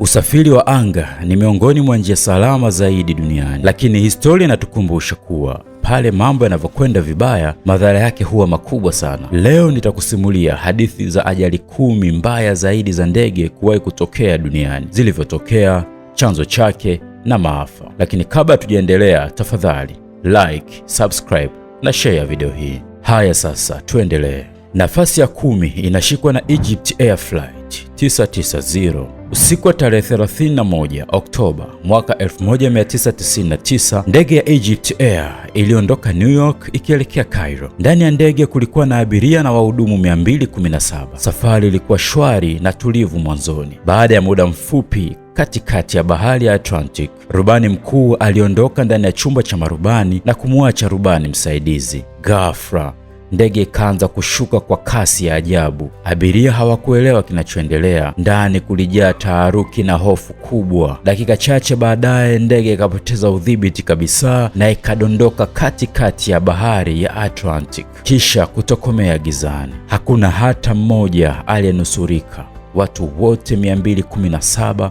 Usafiri wa anga ni miongoni mwa njia salama zaidi duniani, lakini historia inatukumbusha kuwa pale mambo yanavyokwenda vibaya, madhara yake huwa makubwa sana. Leo nitakusimulia hadithi za ajali kumi mbaya zaidi za ndege kuwahi kutokea duniani, zilivyotokea, chanzo chake na maafa. Lakini kabla tujaendelea, tafadhali like, subscribe na share video hii. Haya sasa, tuendelee. Nafasi ya kumi inashikwa na Egypt Air Flight 990 Usiku wa tarehe 31 Oktoba mwaka 1999, ndege ya Egypt Air iliondoka New York ikielekea Cairo. Ndani ya ndege kulikuwa na abiria na wahudumu 217. Safari ilikuwa shwari na tulivu mwanzoni. Baada ya muda mfupi katikati ya bahari ya Atlantic, rubani mkuu aliondoka ndani ya chumba cha marubani na kumwacha rubani msaidizi ghafla ndege ikaanza kushuka kwa kasi ya ajabu. Abiria hawakuelewa kinachoendelea, ndani kulijaa taharuki na hofu kubwa. Dakika chache baadaye, ndege ikapoteza udhibiti kabisa na ikadondoka katikati ya bahari ya Atlantic, kisha kutokomea gizani. Hakuna hata mmoja aliyenusurika. Watu wote 217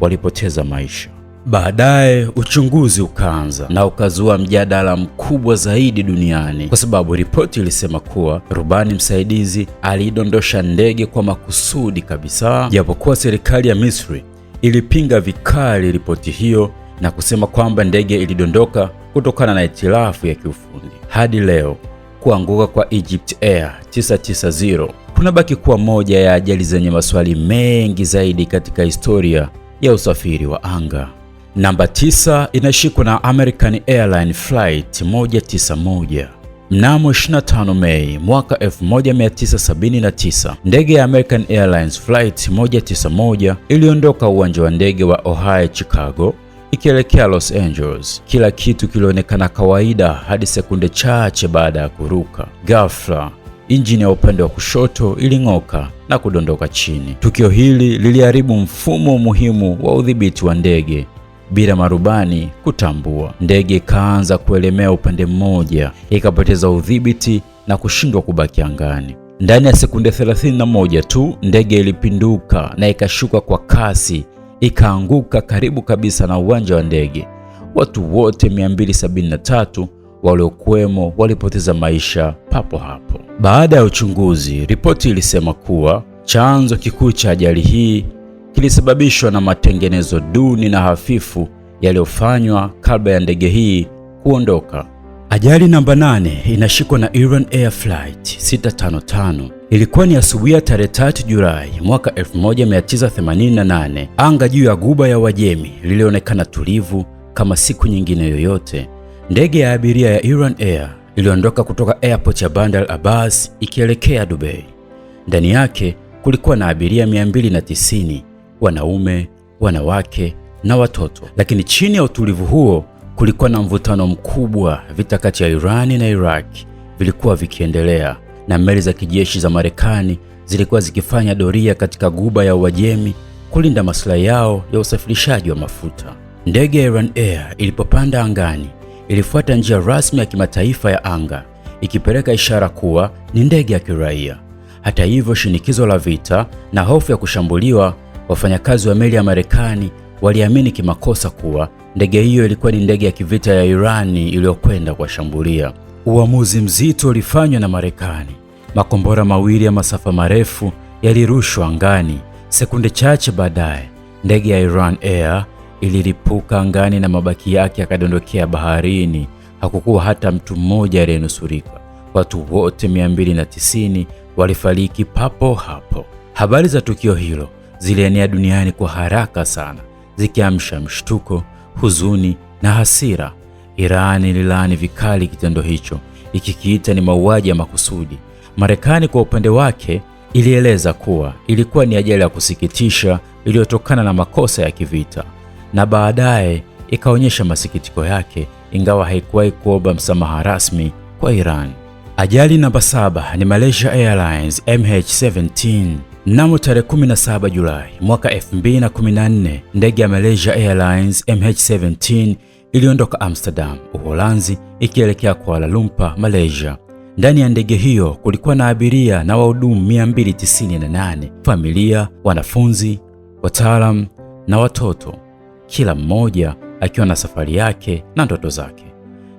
walipoteza maisha. Baadaye uchunguzi ukaanza na ukazua mjadala mkubwa zaidi duniani kwa sababu ripoti ilisema kuwa rubani msaidizi aliidondosha ndege kwa makusudi kabisa, japokuwa serikali ya Misri ilipinga vikali ripoti hiyo na kusema kwamba ndege ilidondoka kutokana na itilafu ya kiufundi. Hadi leo kuanguka kwa Egypt Air 990 kunabaki kuwa moja ya ajali zenye maswali mengi zaidi katika historia ya usafiri wa anga. Namba 9 inashikwa na American Airline Flight 191. Mnamo 25 Mei mwaka 1979 ndege ya American Airlines Flight 191 iliondoka uwanja wa ndege wa Ohio Chicago ikielekea Los Angeles. Kila kitu kilionekana kawaida hadi sekunde chache baada ya kuruka. Ghafla injini ya upande wa kushoto iling'oka na kudondoka chini. Tukio hili liliharibu mfumo muhimu wa udhibiti wa ndege bila marubani kutambua. Ndege ikaanza kuelemea upande mmoja, ikapoteza udhibiti na kushindwa kubaki angani. Ndani ya sekunde 31 tu ndege ilipinduka na ikashuka kwa kasi, ikaanguka karibu kabisa na uwanja wa ndege. Watu wote 273 waliokuwemo walipoteza maisha papo hapo. Baada ya uchunguzi, ripoti ilisema kuwa chanzo kikuu cha ajali hii kilisababishwa na matengenezo duni na hafifu yaliyofanywa kabla ya ndege hii kuondoka. Ajali namba 8 inashikwa na Iran Air Flight 655. Ilikuwa ni asubuhi ya tarehe 3 Julai mwaka 1988. Anga juu ya guba ya Uajemi lilionekana tulivu kama siku nyingine yoyote. Ndege ya abiria ya Iran Air iliondoka kutoka airport ya Bandar Abbas ikielekea Dubai. Ndani yake kulikuwa na abiria 290 wanaume, wanawake na watoto. Lakini chini ya utulivu huo kulikuwa na mvutano mkubwa. Vita kati ya Irani na Iraq vilikuwa vikiendelea na meli za kijeshi za Marekani zilikuwa zikifanya doria katika guba ya Uajemi kulinda maslahi yao ya usafirishaji wa mafuta. Ndege ya Iran Air ilipopanda angani, ilifuata njia rasmi ya kimataifa ya anga, ikipeleka ishara kuwa ni ndege ya kiraia. Hata hivyo, shinikizo la vita na hofu ya kushambuliwa Wafanyakazi wa meli ya Marekani waliamini kimakosa kuwa ndege hiyo ilikuwa ni ndege ya kivita ya Irani iliyokwenda kuwashambulia. Uamuzi mzito ulifanywa na Marekani. Makombora mawili ya masafa marefu yalirushwa angani. Sekunde chache baadaye, ndege ya Iran Air ililipuka angani na mabaki yake yakadondokea baharini. Hakukuwa hata mtu mmoja aliyenusurika. Watu wote 290 walifariki papo hapo. Habari za tukio hilo zilienea duniani kwa haraka sana, zikiamsha mshtuko, huzuni na hasira. Iran ililaani vikali kitendo hicho, ikikiita ni mauaji ya makusudi. Marekani kwa upande wake ilieleza kuwa ilikuwa ni ajali ya kusikitisha iliyotokana na makosa ya kivita, na baadaye ikaonyesha masikitiko yake, ingawa haikuwahi kuomba msamaha rasmi kwa Iran. Ajali namba saba ni Malaysia Airlines MH17 Mnamo tarehe 17 Julai mwaka 2014, ndege ya Malaysia Airlines MH17 iliondoka Amsterdam, Uholanzi ikielekea Kuala Lumpur, Malaysia. Ndani ya ndege hiyo kulikuwa na abiria na wahudumu 298, familia, wanafunzi, wataalamu na watoto, kila mmoja akiwa na safari yake na ndoto zake.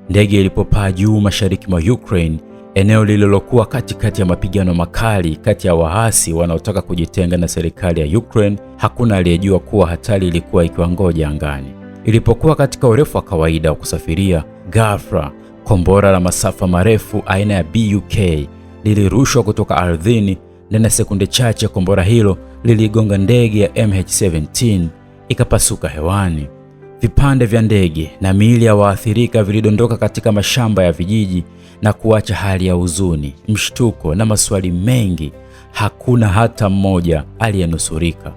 Ndege ilipopaa juu mashariki mwa Ukraine eneo lililokuwa katikati ya mapigano makali kati ya waasi wanaotaka kujitenga na serikali ya Ukraine. Hakuna aliyejua kuwa hatari ilikuwa ikiwangoja angani. Ilipokuwa katika urefu wa kawaida wa kusafiria, ghafla kombora la masafa marefu aina ya Buk lilirushwa kutoka ardhini, na sekunde chache kombora hilo liligonga ndege ya MH17 ikapasuka hewani. Vipande vya ndege na miili ya waathirika vilidondoka katika mashamba ya vijiji na kuacha hali ya huzuni, mshtuko na maswali mengi. Hakuna hata mmoja aliyenusurika.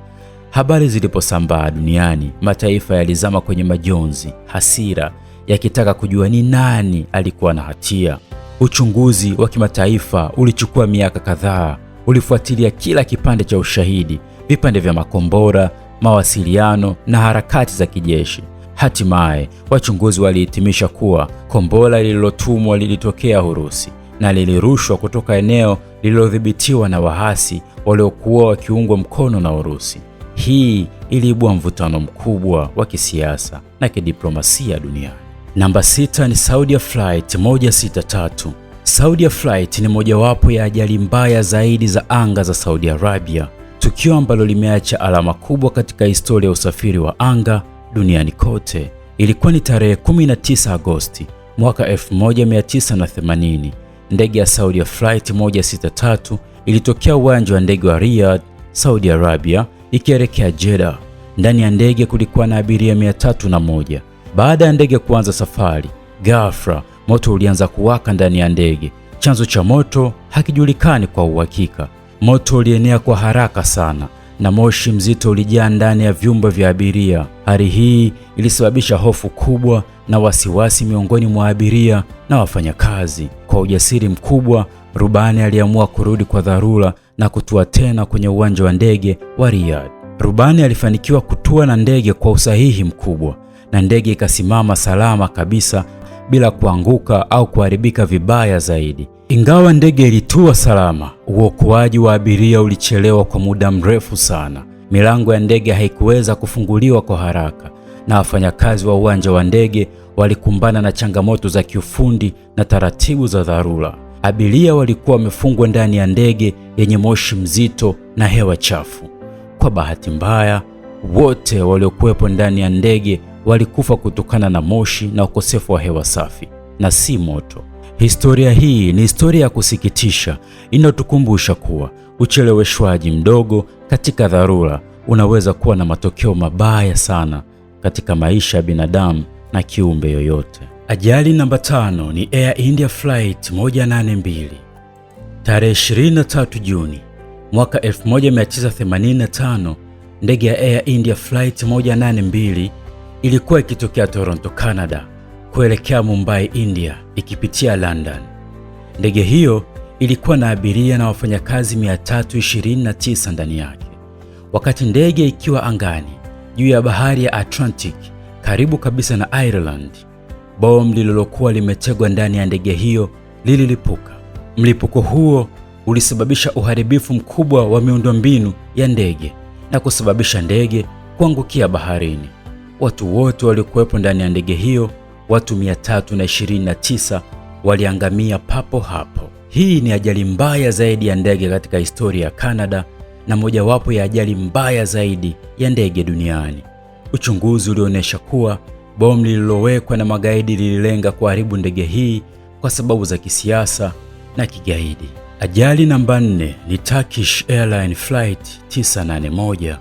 Habari ziliposambaa duniani, mataifa yalizama kwenye majonzi, hasira, yakitaka kujua ni nani alikuwa na hatia. Uchunguzi wa kimataifa ulichukua miaka kadhaa, ulifuatilia kila kipande cha ushahidi, vipande vya makombora, mawasiliano na harakati za kijeshi. Hatimaye wachunguzi walihitimisha kuwa kombora lililotumwa lilitokea Urusi na lilirushwa kutoka eneo lililodhibitiwa na wahasi waliokuwa wakiungwa mkono na Urusi. Hii iliibua mvutano mkubwa wa kisiasa na kidiplomasia duniani. Namba sita ni Saudia Flight 163. Saudia Flight ni mojawapo ya ajali mbaya zaidi za anga za Saudi Arabia, tukio ambalo limeacha alama kubwa katika historia ya usafiri wa anga duniani kote. Ilikuwa ni tarehe 19 Agosti mwaka 1980. Ndege ya Saudia Flight 163 ilitokea uwanja wa ndege wa Riyadh, Saudi Arabia ikielekea Jeddah. Ndani ya ndege kulikuwa na abiria 301. Baada ya ndege kuanza safari, ghafla moto ulianza kuwaka ndani ya ndege. Chanzo cha moto hakijulikani kwa uhakika. Moto ulienea kwa haraka sana na moshi mzito ulijaa ndani ya vyumba vya abiria. Hali hii ilisababisha hofu kubwa na wasiwasi miongoni mwa abiria na wafanyakazi. Kwa ujasiri mkubwa, rubani aliamua kurudi kwa dharura na kutua tena kwenye uwanja wa ndege wa Riyadh. Rubani alifanikiwa kutua na ndege kwa usahihi mkubwa, na ndege ikasimama salama kabisa bila kuanguka au kuharibika vibaya zaidi. Ingawa ndege ilitua salama, uokoaji wa abiria ulichelewa kwa muda mrefu sana. Milango ya ndege haikuweza kufunguliwa kwa haraka, na wafanyakazi wa uwanja wa ndege walikumbana na changamoto za kiufundi na taratibu za dharura. Abiria walikuwa wamefungwa ndani ya ndege yenye moshi mzito na hewa chafu. Kwa bahati mbaya, wote waliokuwepo ndani ya ndege walikufa kutokana na moshi na ukosefu wa hewa safi, na si moto. Historia hii ni historia ya kusikitisha inayotukumbusha kuwa ucheleweshwaji mdogo katika dharura unaweza kuwa na matokeo mabaya sana katika maisha ya binadamu na kiumbe yoyote. Ajali namba tano ni Air India Flight 182. Tarehe 23 Juni mwaka 1985, ndege ya Air India Flight 182 ilikuwa ikitokea Toronto, Canada kuelekea Mumbai, India, ikipitia London. Ndege hiyo ilikuwa na abiria na wafanyakazi 329 ndani yake. Wakati ndege ikiwa angani juu ya bahari ya Atlantic karibu kabisa na Ireland, bomu lililokuwa limetegwa ndani ya ndege hiyo lililipuka. Mlipuko huo ulisababisha uharibifu mkubwa wa miundombinu ya ndege na kusababisha ndege kuangukia baharini. Watu wote walikuwepo ndani ya ndege hiyo watu 329 waliangamia papo hapo. Hii ni ajali mbaya zaidi ya ndege katika historia ya Kanada na mojawapo ya ajali mbaya zaidi ya ndege duniani. Uchunguzi ulionyesha kuwa bomu lililowekwa na magaidi lililenga kuharibu ndege hii kwa sababu za kisiasa na kigaidi. Ajali namba 4 ni Turkish Airline Flight 981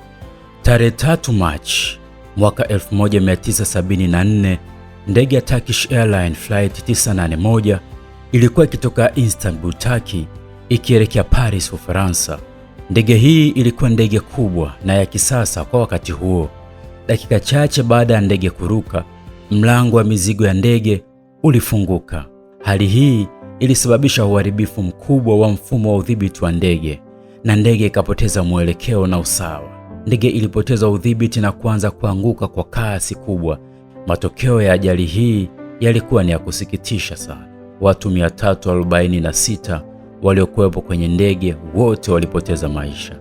tarehe 3 Machi mwaka 1974 Ndege ya Turkish Airline flight 981 ilikuwa ikitoka Istanbul, Turkey ikielekea Paris, Ufaransa. Ndege hii ilikuwa ndege kubwa na ya kisasa kwa wakati huo. Dakika chache baada ya ndege kuruka, mlango wa mizigo ya ndege ulifunguka. Hali hii ilisababisha uharibifu mkubwa wa mfumo wa udhibiti wa ndege na ndege ikapoteza mwelekeo na usawa. Ndege ilipoteza udhibiti na kuanza kuanguka kwa kasi kubwa Matokeo ya ajali hii yalikuwa ni ya kusikitisha sana. Watu 346 waliokuwepo kwenye ndege wote walipoteza maisha.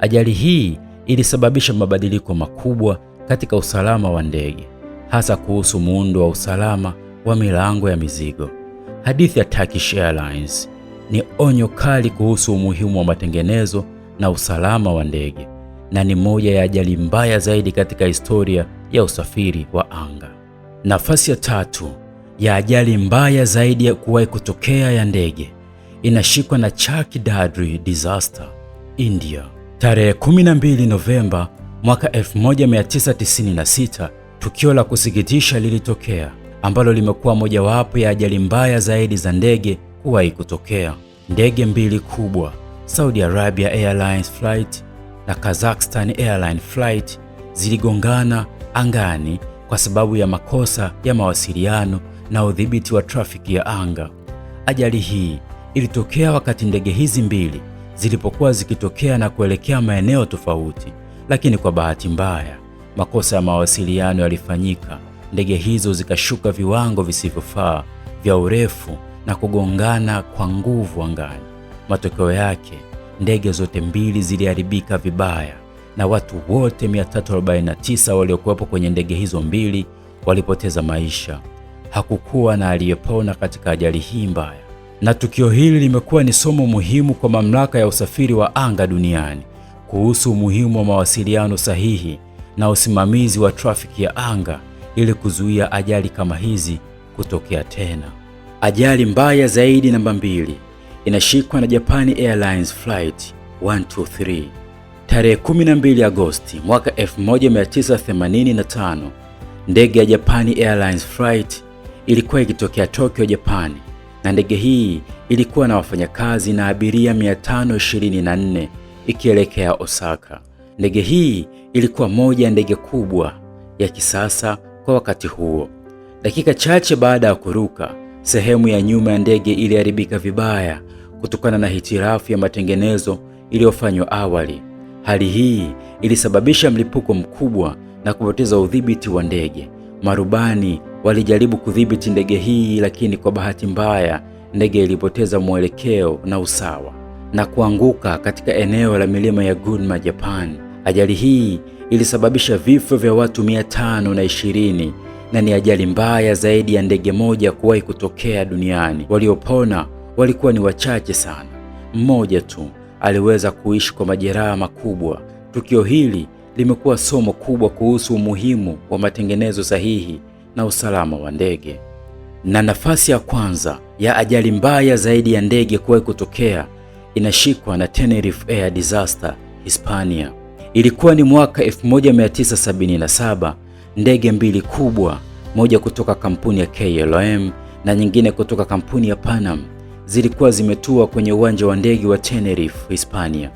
Ajali hii ilisababisha mabadiliko makubwa katika usalama wa ndege, hasa kuhusu muundo wa usalama wa milango ya mizigo. Hadithi ya Turkish Airlines ni onyo kali kuhusu umuhimu wa matengenezo na usalama wa ndege na ni moja ya ajali mbaya zaidi katika historia ya usafiri wa anga. Nafasi ya tatu ya ajali mbaya zaidi ya kuwahi kutokea ya ndege inashikwa na Chak Dadri disaster India. Tarehe 12 Novemba mwaka 1996, tukio la kusikitisha lilitokea ambalo limekuwa mojawapo ya ajali mbaya zaidi za ndege kuwahi kutokea. Ndege mbili kubwa Saudi Arabia Airlines Flight na Kazakhstan Airline Flight ziligongana angani kwa sababu ya makosa ya mawasiliano na udhibiti wa trafiki ya anga. Ajali hii ilitokea wakati ndege hizi mbili zilipokuwa zikitokea na kuelekea maeneo tofauti, lakini kwa bahati mbaya makosa ya mawasiliano yalifanyika. Ndege hizo zikashuka viwango visivyofaa vya urefu na kugongana kwa nguvu angani. Matokeo yake Ndege zote mbili ziliharibika vibaya na watu wote 349 waliokuwepo kwenye ndege hizo mbili walipoteza maisha. Hakukuwa na aliyepona katika ajali hii mbaya. Na tukio hili limekuwa ni somo muhimu kwa mamlaka ya usafiri wa anga duniani kuhusu umuhimu wa mawasiliano sahihi na usimamizi wa trafiki ya anga ili kuzuia ajali kama hizi kutokea tena. Ajali mbaya zaidi namba mbili inashikwa na Japan Airlines Flight 123 tarehe 12 Agosti mwaka 1985. Ndege ya Japan Airlines Flight ilikuwa ikitokea Tokyo, Japan, na ndege hii ilikuwa na wafanyakazi na abiria 524 ikielekea Osaka. Ndege hii ilikuwa moja ya ndege kubwa ya kisasa kwa wakati huo. Dakika chache baada ya kuruka, sehemu ya nyuma ya ndege iliharibika vibaya kutokana na hitilafu ya matengenezo iliyofanywa awali. Hali hii ilisababisha mlipuko mkubwa na kupoteza udhibiti wa ndege. Marubani walijaribu kudhibiti ndege hii, lakini kwa bahati mbaya ndege ilipoteza mwelekeo na usawa na kuanguka katika eneo la milima ya Gunma, Japan. Ajali hii ilisababisha vifo vya watu mia na ishirini na ni ajali mbaya zaidi ya ndege moja kuwahi kutokea duniani. Waliopona walikuwa ni wachache sana. Mmoja tu aliweza kuishi kwa majeraha makubwa. Tukio hili limekuwa somo kubwa kuhusu umuhimu wa matengenezo sahihi na usalama wa ndege. Na nafasi ya kwanza ya ajali mbaya zaidi ya ndege kuwahi kutokea inashikwa na Tenerife Air Disaster Hispania. Ilikuwa ni mwaka 1977. Ndege mbili kubwa, moja kutoka kampuni ya KLM na nyingine kutoka kampuni ya Panam zilikuwa zimetua kwenye uwanja wa ndege wa Tenerife, Hispania,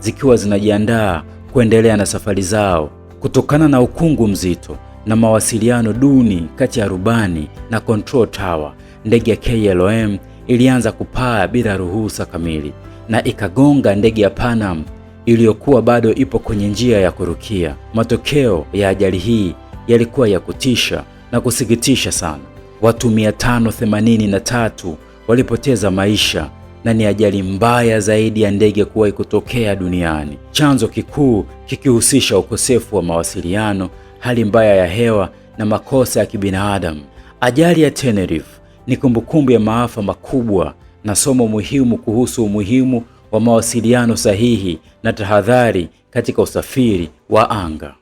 zikiwa zinajiandaa kuendelea na safari zao kutokana na ukungu mzito na mawasiliano duni kati ya rubani na control tower. Ndege ya KLM ilianza kupaa bila ruhusa kamili na ikagonga ndege ya Panam iliyokuwa bado ipo kwenye njia ya kurukia. Matokeo ya ajali hii yalikuwa ya kutisha na kusikitisha sana. Watu 583 walipoteza maisha na ni ajali mbaya zaidi ya ndege kuwahi kutokea duniani, chanzo kikuu kikihusisha ukosefu wa mawasiliano, hali mbaya ya hewa na makosa ya kibinadamu. Ajali ya Tenerife ni kumbukumbu ya maafa makubwa na somo muhimu kuhusu umuhimu wa mawasiliano sahihi na tahadhari katika usafiri wa anga.